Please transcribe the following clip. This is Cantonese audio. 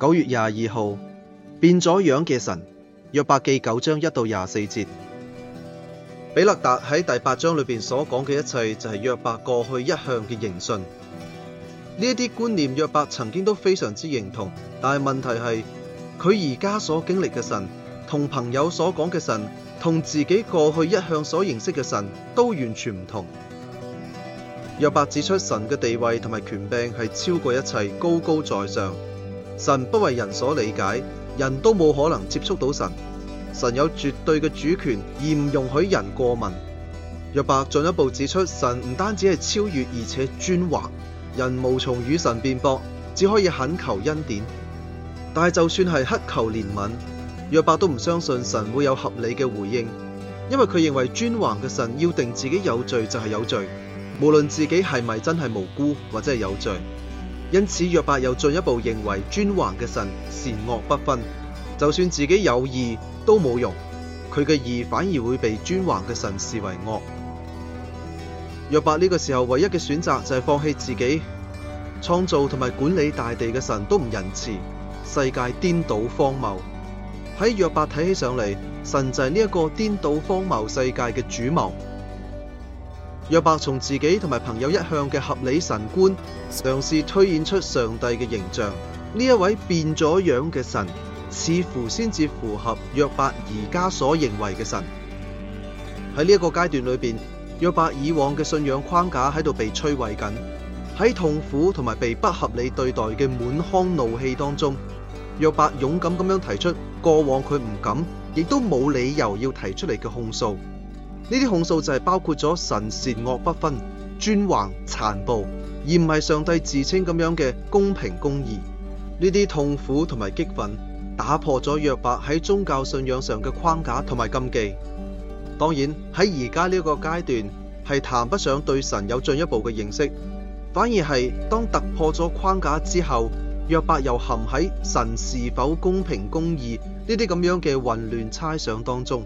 九月廿二號變咗樣嘅神，約伯記九章一到廿四節，比勒達喺第八章裏邊所講嘅一切就係約伯過去一向嘅認信。呢一啲觀念約伯曾經都非常之認同，但係問題係佢而家所經歷嘅神，同朋友所講嘅神，同自己過去一向所認識嘅神都完全唔同。約伯指出神嘅地位同埋權柄係超過一切，高高在上。神不為人所理解，人都冇可能接觸到神。神有絕對嘅主權，而唔容許人過問。約伯進一步指出，神唔單止係超越，而且專橫，人無從與神辯駁，只可以懇求恩典。但係就算係乞求憐憫，約伯都唔相信神會有合理嘅回應，因為佢認為專橫嘅神要定自己有罪就係有罪，無論自己係咪真係無辜或者係有罪。因此，約伯又進一步認為，專橫嘅神善惡不分，就算自己有義都冇用，佢嘅義反而會被專橫嘅神視為惡。約伯呢個時候唯一嘅選擇就係放棄自己，創造同埋管理大地嘅神都唔仁慈，世界顛倒荒謬。喺約伯睇起上嚟，神就係呢一個顛倒荒謬世界嘅主謀。約伯從自己同埋朋友一向嘅合理神觀，嘗試推演出上帝嘅形象。呢一位變咗樣嘅神，似乎先至符合約伯而家所認為嘅神。喺呢一個階段裏邊，約伯以往嘅信仰框架喺度被摧毀緊。喺痛苦同埋被不合理對待嘅滿腔怒氣當中，約伯勇敢咁樣提出過往佢唔敢，亦都冇理由要提出嚟嘅控訴。呢啲控訴就係包括咗神善惡不分、專橫、殘暴，而唔係上帝自稱咁樣嘅公平公義。呢啲痛苦同埋激憤，打破咗約伯喺宗教信仰上嘅框架同埋禁忌。當然喺而家呢一個階段，係談不上對神有進一步嘅認識，反而係當突破咗框架之後，約伯又陷喺神是否公平公義呢啲咁樣嘅混亂猜想當中。